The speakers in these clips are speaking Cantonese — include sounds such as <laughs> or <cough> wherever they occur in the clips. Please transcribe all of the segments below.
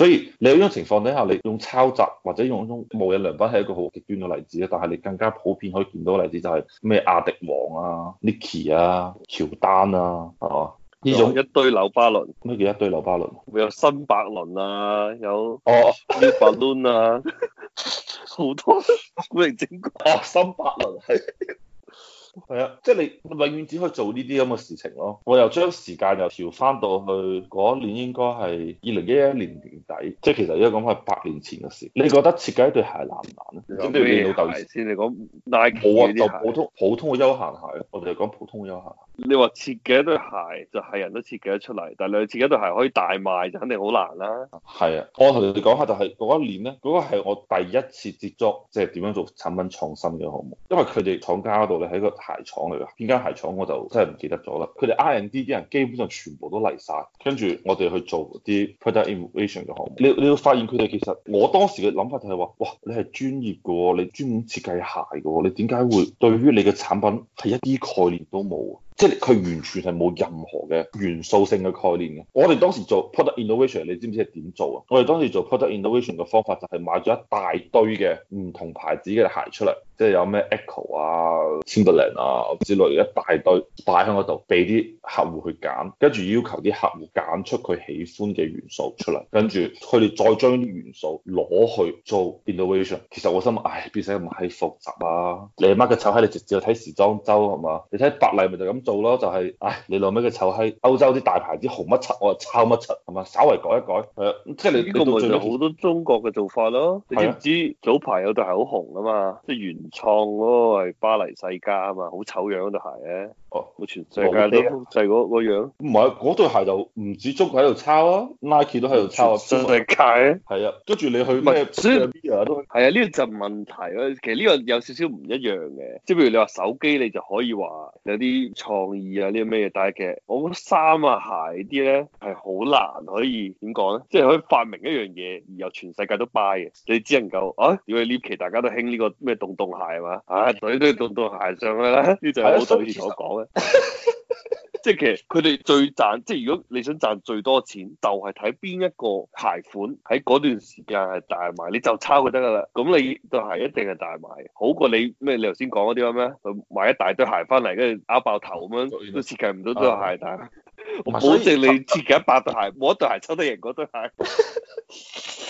所以你喺嗰種情況底下，你用抄襲或者用嗰種無印良品係一個好極端嘅例子咧。但係你更加普遍可以見到嘅例子就係咩阿迪王啊、Nike 啊、喬丹啊，係、啊、嘛？呢種一堆流巴倫咩叫一堆流巴倫？巴倫有，有新百倫啊，有哦 New Balance 啊，好、哦、 <laughs> 多古靈精怪，哦、新百倫係。係啊，即係你永遠只可以做呢啲咁嘅事情咯。我又將時間又調翻到去嗰一年，應該係二零一一年年底，即係其實依家講係八年前嘅事。你覺得設計對鞋難唔難咧？即係對老豆先嚟講，冇啊，就普通普通嘅休閒鞋，我哋嚟講普通嘅休閒鞋。你話設計一對鞋就係人都設計得出嚟，但你設計對鞋可以大賣，就肯定好難啦。係啊，我同你哋講下，就係嗰一年咧，嗰個係我第一次接觸，即係點樣做產品創新嘅項目。因為佢哋廠家嗰度咧係一個鞋廠嚟㗎，邊間鞋廠我就真係唔記得咗啦。佢哋 R&D 啲人基本上全部都嚟晒，跟住我哋去做啲 product innovation 嘅項目。你你要發現佢哋其實我當時嘅諗法就係話：哇，你係專業㗎喎，你專門設計鞋㗎喎，你點解會對於你嘅產品係一啲概念都冇？即係佢完全係冇任何嘅元素性嘅概念嘅。我哋當時做 product innovation，你知唔知係點做啊？我哋當時做 product innovation 嘅方法就係買咗一大堆嘅唔同牌子嘅鞋出嚟。即係有咩 echo 啊，similar 啊之類，大大一大堆擺喺嗰度，俾啲客戶去揀，跟住要求啲客戶揀出佢喜歡嘅元素出嚟，跟住佢哋再將啲元素攞去做 innovation。其實我心諗，唉 design 唔係複雜啊？你媽嘅臭閪，你直接去睇時裝周係嘛？你睇百麗咪就咁做咯，就係、是、唉，你攞乜嘅臭閪？歐洲啲大牌子紅乜柒，我就抄乜柒係嘛？稍微改一改係啊，即係呢個咪有好多中國嘅做法咯。你知唔知早排有對好紅啊嘛？即係原創嗰個係巴黎世家啊嘛，好醜樣嗰對鞋咧，啊，哦，啊，全世界都就係嗰、嗰個樣，唔係嗰對鞋就唔止足喺度抄啊，Nike 都喺度抄啊，抄啊全世界咧，係啊，跟住、啊、你去咩，所以都係啊，呢、啊呢個就問題啊。其實呢個有少少唔一樣嘅，即係譬如你話手機，你就可以話有啲創意啊，呢啲咩，嘢，但係其實我覺得衫啊鞋啲咧係好難可以點講咧，即係、就是、可以發明一樣嘢而又全世界都 buy 嘅，你只能夠啊屌你 Nike 大家都興呢個咩洞洞鞋。鞋嘛，啊，隊的都到到鞋上噶啦，呢就係好對住所講咧。是的 <laughs> 即係其實佢哋最賺，即係如果你想賺最多錢，就係睇邊一個鞋款喺嗰段時間係大賣，你就抄佢得㗎喇。咁你對鞋一定係大賣，好過你咩？你頭先講嗰啲話咩？就買一大堆鞋翻嚟，跟住拗爆頭咁樣都設計唔到對鞋，的但 <laughs> 我 <laughs> 保證你設計一百對鞋，冇一對鞋抽得贏嗰對鞋。 <laughs>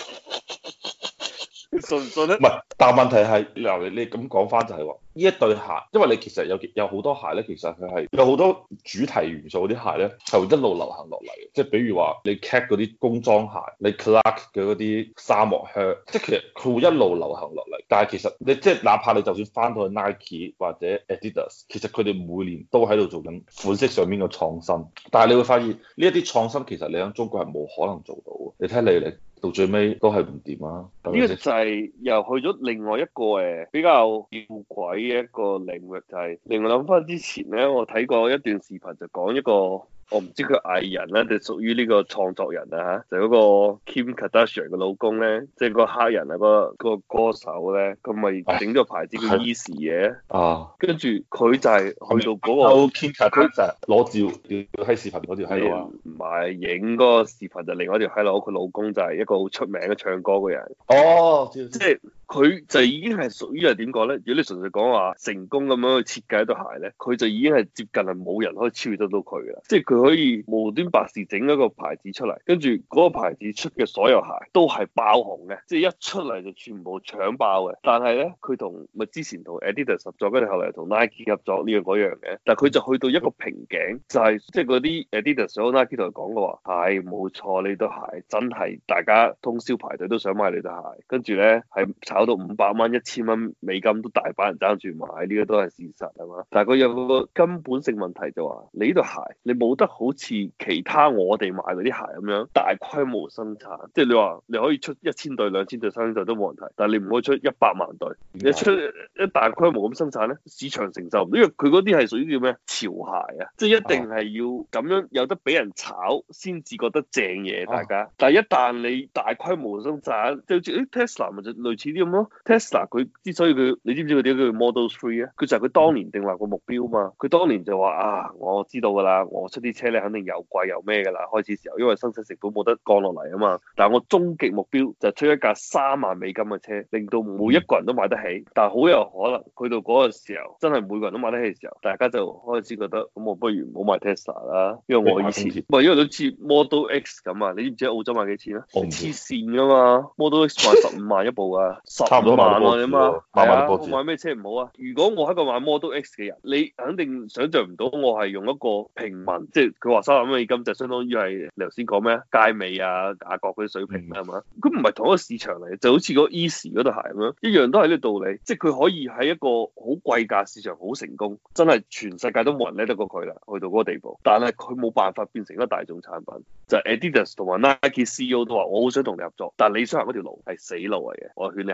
唔係，但問題係嗱，你你咁講翻就係話，呢一對鞋，因為你其實有有好多鞋咧，其實佢係有好多主題元素嗰啲鞋咧，係一路流行落嚟，即係比如話你 cat 嗰啲工裝鞋，你 clark 嘅嗰啲沙漠靴，即係其實佢會一路流行落嚟。但係其實你即係哪怕你就算翻到去 nike 或者 adidas，其實佢哋每年都喺度做緊款式上面嘅創新。但係你會發現呢一啲創新其實你喺中國係冇可能做到嘅。你睇李寧。到最尾都係唔掂啊！呢個就係又去咗另外一個誒比較跳軌嘅一個領域，就係另外諗翻之前咧，我睇過一段視頻就講一個。我唔知佢藝人咧定屬於呢個創作人啊嚇，就嗰個 Kim Kardashian 嘅老公咧，即係個黑人啊，嗰個嗰個歌手咧，咁咪整咗個牌子叫 Yeezy 嘅，啊，啊跟住佢就係去到嗰個，佢攞照，要喺視頻嗰條喺度啊，唔係影嗰個視頻就另外一條喺度，佢老公就係一個好出名嘅唱歌嘅人，哦、oh，就是，即係。佢就已經係屬於係點講咧？如果你純粹講話成功咁樣去設計一對鞋咧，佢就已經係接近係冇人可以超越得到佢嘅。即係佢可以無端白事整一個牌子出嚟，跟住嗰個牌子出嘅所有鞋都係爆紅嘅，即係一出嚟就全部搶爆嘅。但係咧，佢同咪之前同 Adidas 合作，來跟住後嚟同 Nike 合作呢樣嗰樣嘅。但係佢就去到一個瓶頸，就係即係嗰啲 Adidas 有 Nike 同佢講嘅話，係冇錯，你對鞋真係大家通宵排隊都想買你對鞋，跟住咧係攞到五百蚊、一千蚊美金都大把人爭住買呢、呢個都係事實係嘛？但係佢有個根本性問題就話、是、你呢對鞋，你冇得好似其他我哋買嗰啲鞋咁樣大規模生產，即係你話你可以出一千對兩千對三千對都冇問題，但係你唔可以出一百萬對，你出一大規模咁生產咧，市場承受唔到，因為佢嗰啲係屬於叫咩潮鞋啊，即係一定係要咁樣有得俾人炒先至覺得正嘢。啊、大家，但係一旦你大規模生產，就好似 Tesla 就類似啲。咁。Tesla 佢之所以佢，你知唔知佢點解叫 Model Three 啊？佢就係佢當年定立個目標嘛。佢當年就話啊，我知道噶啦，我出啲車咧肯定又貴又咩噶啦。開始時候，因為生產成本冇得降落嚟啊嘛。但係我終極目標就出一架三萬美金嘅車，令到每一個人都買得起。但係好有可能去到嗰個時候，真係每個人都買得起嘅時候，大家就開始覺得咁、嗯，我不如唔好買 Tesla 啦，因為我以前唔係，因為都似 Model X 咁啊。你知唔知澳洲賣幾錢啊？黐線噶嘛，Model X 賣十五萬一部啊！ <laughs> 差唔多萬個字，萬萬個字。買咩了、啊、車唔好啊？如果我係一個買 Model X 嘅人，你肯定想像唔到我係用一個平民，即係佢話三萬蚊美金，就相當於係你頭先講咩街尾啊、亞閣嗰啲水平啦，係嘛、嗯？佢唔係同一個市場嚟，就好似嗰 Yeezy 嗰對鞋咁樣，一樣都係呢個道理。即係佢可以喺一個好貴價市場好成功，真係全世界都冇人叻得過佢啦，去到嗰個地步。但係佢冇辦法變成一個大眾產品。就是、Adidas 同埋 Nike CEO 都話：我好想同你合作，但係你想行嗰條路係死路嚟嘅。我勸你。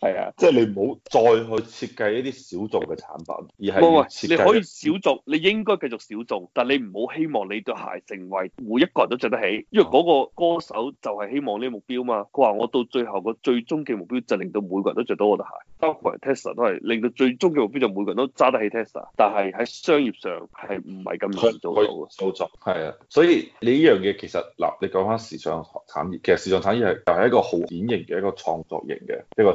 係啊，即係你唔好再去設計一啲小眾嘅產品，而係你可以小眾，你應該繼續小眾，但你唔好希望你對鞋成為每一個人都着得起，因為嗰個歌手就係希望呢個目標嘛。佢話我到最後個最終嘅目標就令到每個人都着到我對鞋，包括 Tesla 都係令到最終嘅目標就每個人都揸得起 Tesla，但係喺商業上係唔係咁容易做到嘅。係啊，所以你呢樣嘢其實嗱，你講翻時尚產業，其實時尚產業係又係一個好典型嘅一個創作型嘅一個。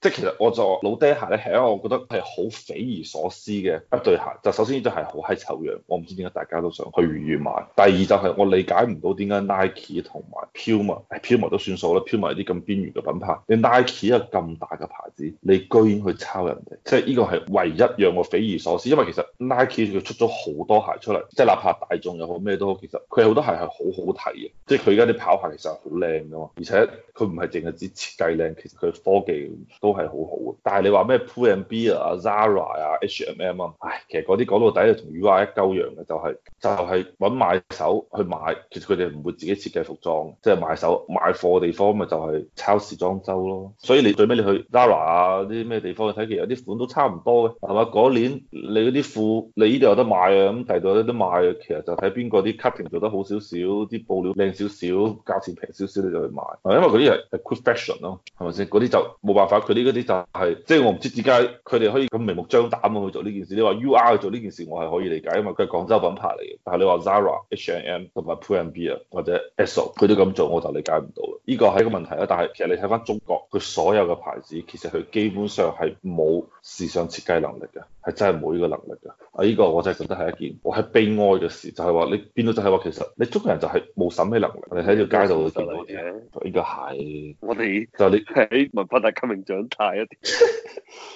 即係其實我就老爹鞋咧係因為我覺得係好匪夷所思嘅一對鞋。就首先呢對鞋好閪醜樣，我唔知點解大家都想去預預買。第二就係我理解唔到點解 Nike 同埋 Puma，Puma 都算數啦，Puma 啲咁邊緣嘅品牌，你 Nike 一個咁大嘅牌子，你居然去抄人哋，即係呢個係唯一讓我匪夷所思。因為其實 Nike 佢出咗好多鞋出嚟，即係哪怕大眾又好咩都好，其實佢好多鞋係好好睇嘅。即係佢而家啲跑鞋其實係好靚噶嘛，而且佢唔係淨係指設計靚，其實佢科技都都係好好嘅，但係你話咩 Pull&Bear 啊、Zara 啊、H&M 啊，唉，其實嗰啲講到底係同 Uy 一鳩樣嘅，就係就係揾買手去買，其實佢哋唔會自己設計服裝，即係買手賣貨嘅地方咪就係抄時裝周咯。所以你最尾你去 Zara 啊啲咩地方去睇，其實有啲款都差唔多嘅，係嘛？嗰年你嗰啲褲你呢度有得賣啊，咁第度有得賣啊，其實就睇邊個啲 cutting 做得好少少，啲布料靚少少，價錢平少少你就去買，因為嗰啲係 quick fashion 咯，係咪先？嗰啲就冇辦法，佢呢啲就係、是，即、就、係、是、我唔知點解佢哋可以咁明目張膽咁去做呢件事。你話 U R 去做呢件事，我係可以理解，因為佢係廣州品牌嚟嘅。但係你話 Zara、H&M and 同埋 Pull and Bear 啊，或者 S O 佢都咁做，我就理解唔到啦。呢個係一個問題啦，但係其實你睇翻中國，佢所有嘅牌子，其實佢基本上係冇時尚設計能力嘅，係真係冇呢個能力嘅。啊，呢個我真係覺得係一件我係悲哀嘅事，就係話你變到就係話，其實你中國人就係冇審美能力，你喺條街度會見到啲，呢個係我哋就你喺文化大革命長大一啲。 <laughs>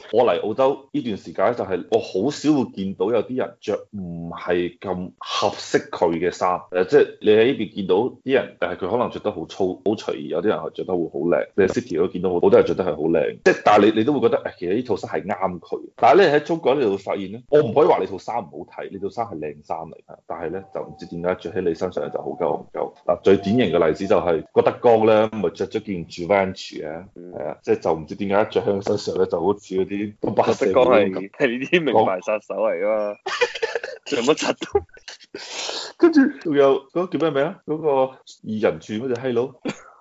<laughs> 我嚟澳洲呢段時間就係我好少會見到有啲人着唔係咁合適佢嘅衫，誒，即係你喺呢邊見到啲人，但係佢可能着得好粗、好隨意。有啲人係着得會好靚，即係 City 都見到好，好多人着得係好靚，即係但係你你都會覺得誒、哎，其實呢套衫係啱佢。但係咧喺中國你會發現咧，我唔可以話你套衫唔好睇，呢套衫係靚衫嚟嘅，但係咧就唔知點解着喺你身上就好鳩唔鳩。嗱，最典型嘅例子就係、是、郭德綱咧，咪着咗件 Givenchy 啊、嗯，係啊，即係就唔知點解着喺身上咧就好似嗰啲東北色。德綱係係啲名牌殺手嚟㗎嘛，著乜柒？跟住仲有嗰個 <laughs> 叫咩名啊？嗰、那個、二人轉嗰隻閪佬。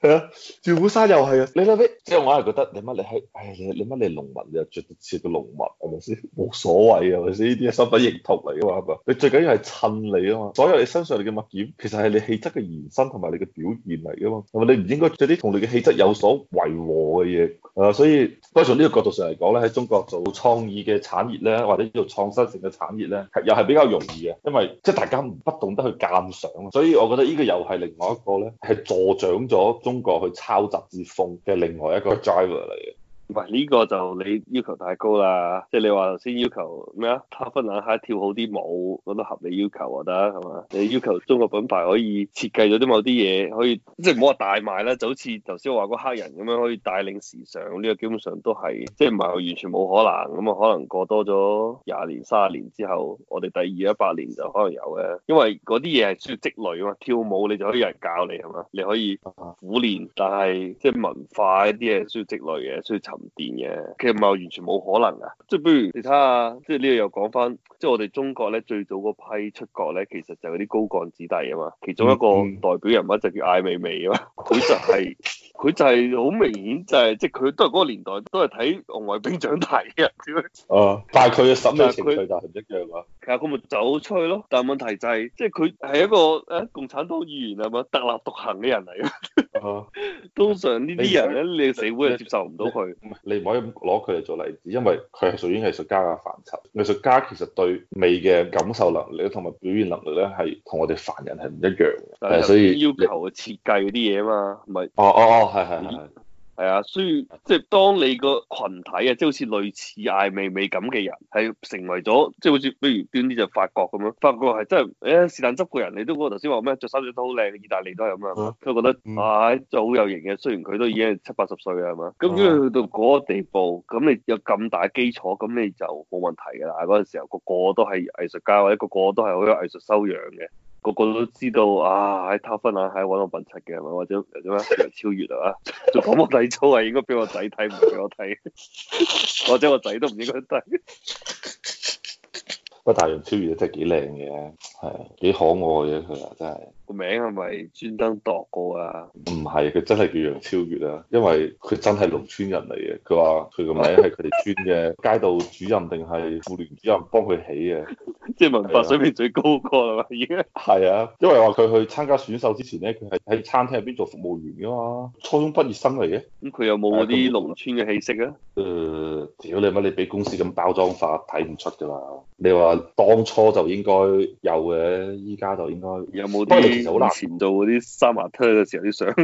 係啊，趙本山又係啊，你諗即係我係覺得你乜你係，唉你你乜你農民又著啲似個農民係咪先？冇所謂啊，係咪先？呢啲係身份認同嚟㗎嘛係咪？你最緊要係襯你啊嘛，所有你身上嚟嘅物件其實係你氣質嘅延伸同埋你嘅表現嚟㗎嘛係咪？你唔應該著啲同你嘅氣質有所違和嘅嘢，誒，所以不過從呢個角度上嚟講咧，喺中國做創意嘅產業咧，或者做創新性嘅產業咧，又係比較容易啊。因為即係、就是、大家唔不懂得去鑑賞，所以我覺得呢個又係另外一個咧係助長咗中。中國去抄襲之風嘅另外一個 driver 嚟嘅。唔係呢個就你要求太高啦，即係你話頭先要求咩啊？打翻眼黑跳好啲舞，嗰啲合理要求啊得係嘛？你要求中國品牌可以設計咗啲某啲嘢，可以即係唔好話大賣啦，就好似頭先話嗰黑人咁樣可以帶領時尚，呢個基本上都係即係唔係完全冇可能咁啊？可能過多咗廿年、三十年之後，我哋第二一百年就可能有嘅，因為嗰啲嘢係需要積累啊嘛。跳舞你就可以有人教你係嘛？你可以苦練，但係即係文化呢啲嘢需要積累嘅，需要唔掂嘅，其實唔係完全冇可能啊！即係不如你睇下，即係呢度又講翻，即係我哋中國咧最早嗰批出國咧，其實就係嗰啲高幹子弟啊嘛，其中一個代表人物就叫艾未未啊嘛，佢就係、是、佢 <laughs> 就係好明顯就係即係佢都係嗰個年代都係睇紅衛兵長大嘅人，點樣？哦，但係佢嘅審理程序就係唔一樣啊，其實佢咪走出去咯，但係問題就係即係佢係一個誒共產黨議員啊嘛，特立獨行嘅人嚟。是啊！通常、哦、呢啲人咧，你社會係接受唔到佢。你唔可以攞佢嚟做例子，因為佢係屬於藝術家嘅範疇。藝術家其實對美嘅感受能力同埋表現能力咧，係同我哋凡人係唔一樣嘅。誒是，所以要求啊，設計嗰啲嘢啊嘛，唔係你是、哦。哦哦哦，係係係。咦係啊，所以即係當你個群體啊，即係好似類似艾米美咁嘅人，係成為咗，即係好似比如端啲就法國咁樣，法國係真係，誒是但執個人，你都嗰個頭先話咩着衫着得好靚，意大利都係咁啊，佢覺得，唉，真係好有型嘅，雖然佢都已經七八十歲啦係嘛，咁咁去到嗰個地步，咁你有咁大嘅基礎，咁你就冇問題噶啦，嗰陣時候個個都係藝術家或者個個都係好有藝術修養嘅。個個都知道啊，喺偷分啊，喺揾我品柒嘅，或者或者咩？楊超越啊，做廣播體操啊，應該俾我仔睇，唔俾我睇， <laughs> 或者我仔都唔應該睇。喂 <laughs> ，不過大楊超越真係幾靚嘅。係啊，幾可愛嘅佢啊，真係個名係咪專登度過啊？唔係，佢真係叫楊超越啊，因為佢真係農村人嚟嘅。佢話佢個名係佢哋村嘅街道主任定係婦聯主任幫佢起嘅， <laughs> 即係文化水平最高個係嘛？已經係啊， <laughs> 因為話佢去參加選秀之前咧，佢係喺餐廳入邊做服務員噶嘛，啊，初中畢業生嚟嘅。咁佢、嗯、有冇嗰啲農村嘅氣息啊？誒，屌你乜？你俾公司咁包裝法，睇唔出噶啦。你話當初就應該有。嘅依家就應該有冇啲以前做嗰啲三滑推嘅時候啲相，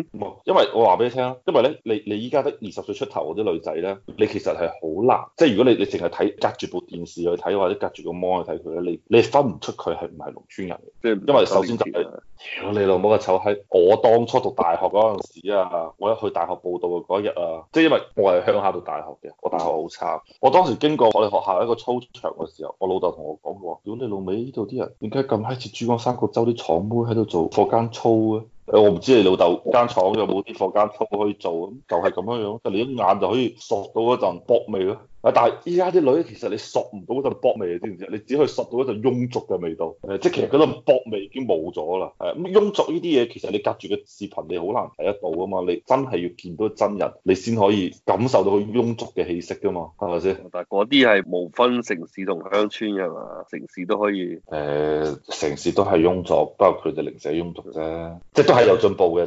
因為我話俾你聽啊，因為咧你你依家得二十歲出頭嗰啲女仔咧，你其實係好難，即係如果你你淨係睇隔住部電視去睇，或者隔住個網去睇佢咧，你你分唔出佢係唔係農村人，即係因為首先就係、是，嗯、你老母個臭閪我當初讀大學嗰陣時啊，我一去大學報到嗰一日啊，即係因為我係鄉下讀大學嘅，我大學好差，嗯、我當時經過我哋學校一個操場嘅時候，我老豆同我講過，屌你老尾呢度啲人點解？咁好似珠江三角洲啲廠妹喺度做課間操啊！我唔知道你老豆間、那個、廠有冇啲課間操可以做、啊，咁就係咁樣樣，你一眼就可以索到嗰陣搏味咯、啊。啊！但係依家啲女，其實你索唔到嗰陣薄味，你知唔知？你只可以索到嗰陣庸俗嘅味道。誒、呃，即係其實嗰陣薄味已經冇咗啦。誒、嗯，咁庸俗呢啲嘢，其實你隔住個視頻，你好難睇得到㗎嘛。你真係要見到真人，你先可以感受到佢庸俗嘅氣息㗎嘛。係咪先？但係嗰啲係無分城市同鄉村㗎嘛，城市都可以。誒、呃，城市都係庸俗，不過佢哋零舍庸俗啫，即係都係有進步嘅。